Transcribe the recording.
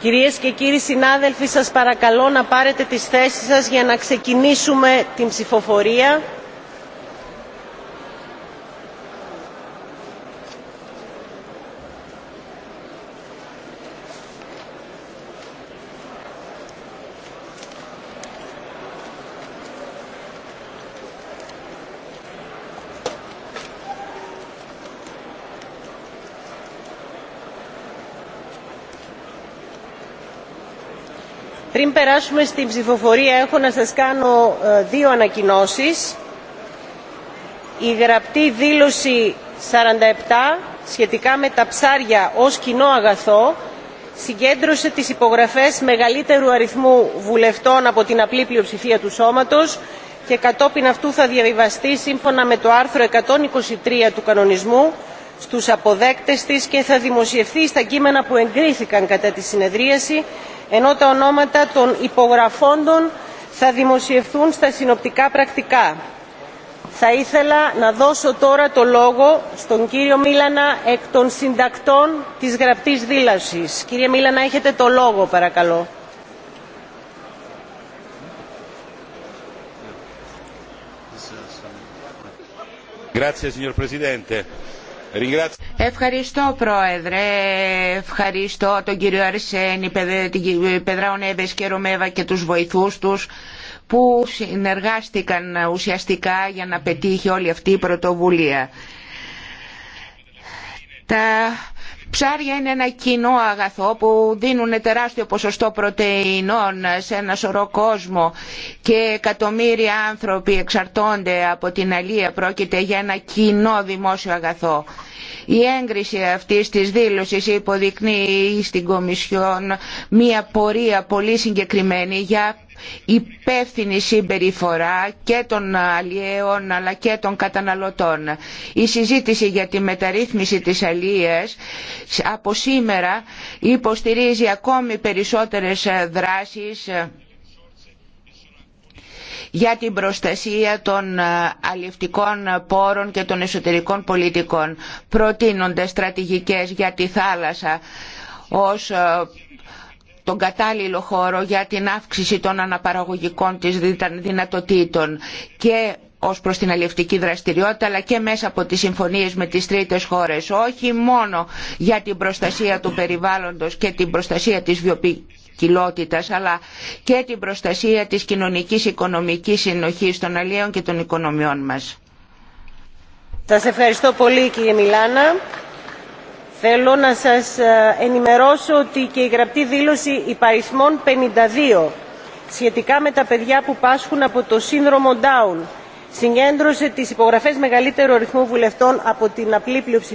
Κυρίες και κύριοι συνάδελφοι, σας παρακαλώ να πάρετε τις θέσεις σας για να ξεκινήσουμε την ψηφοφορία. Πριν περάσουμε στην ψηφοφορία έχω να σας κάνω ε, δύο ανακοινώσεις. Η γραπτή δήλωση 47 σχετικά με τα ψάρια ως κοινό αγαθό συγκέντρωσε τις υπογραφές μεγαλύτερου αριθμού βουλευτών από την απλή πλειοψηφία του σώματος και κατόπιν αυτού θα διαβιβαστεί σύμφωνα με το άρθρο 123 του κανονισμού στους αποδέκτες της και θα δημοσιευθεί στα κείμενα που εγκρίθηκαν κατά τη συνεδρίαση, ενώ τα ονόματα των υπογραφόντων θα δημοσιευθούν στα συνοπτικά πρακτικά. Θα ήθελα να δώσω τώρα το λόγο στον κύριο Μίλανα εκ των συντακτών της γραπτής δήλωσης. Κύριε Μίλανα, έχετε το λόγο παρακαλώ. Grazie signor Ευχαριστώ Πρόεδρε, ευχαριστώ τον κύριο Αρσένη, την πεδρά Νέβες και Ρωμέβα και τους βοηθούς τους που συνεργάστηκαν ουσιαστικά για να πετύχει όλη αυτή η πρωτοβουλία. Τα Ψάρια είναι ένα κοινό αγαθό που δίνουν τεράστιο ποσοστό πρωτεϊνών σε ένα σωρό κόσμο και εκατομμύρια άνθρωποι εξαρτώνται από την αλία. Πρόκειται για ένα κοινό δημόσιο αγαθό. Η έγκριση αυτής της δήλωσης υποδεικνύει στην Κομισιόν μία πορεία πολύ συγκεκριμένη για υπεύθυνη συμπεριφορά και των αλλιέων αλλά και των καταναλωτών. Η συζήτηση για τη μεταρρύθμιση της αλλίας από σήμερα υποστηρίζει ακόμη περισσότερες δράσεις για την προστασία των αλλιευτικών πόρων και των εσωτερικών πολιτικών. Προτείνονται στρατηγικές για τη θάλασσα ως τον κατάλληλο χώρο για την αύξηση των αναπαραγωγικών της δυνατοτήτων και ως προς την αλληλευτική δραστηριότητα αλλά και μέσα από τις συμφωνίες με τις τρίτες χώρες όχι μόνο για την προστασία του περιβάλλοντος και την προστασία της βιοποικιλότητας αλλά και την προστασία της κοινωνικής οικονομικής συνοχής των αλλιέων και των οικονομιών μας. Σας ευχαριστώ πολύ κύριε Μιλάνα. Θέλω να σας ε, ενημερώσω ότι και η γραπτή δήλωση υπαριθμών 52 σχετικά με τα παιδιά που πάσχουν από το σύνδρομο Down συγκέντρωσε τις υπογραφές μεγαλύτερου αριθμού βουλευτών από την απλή πλειοψηφία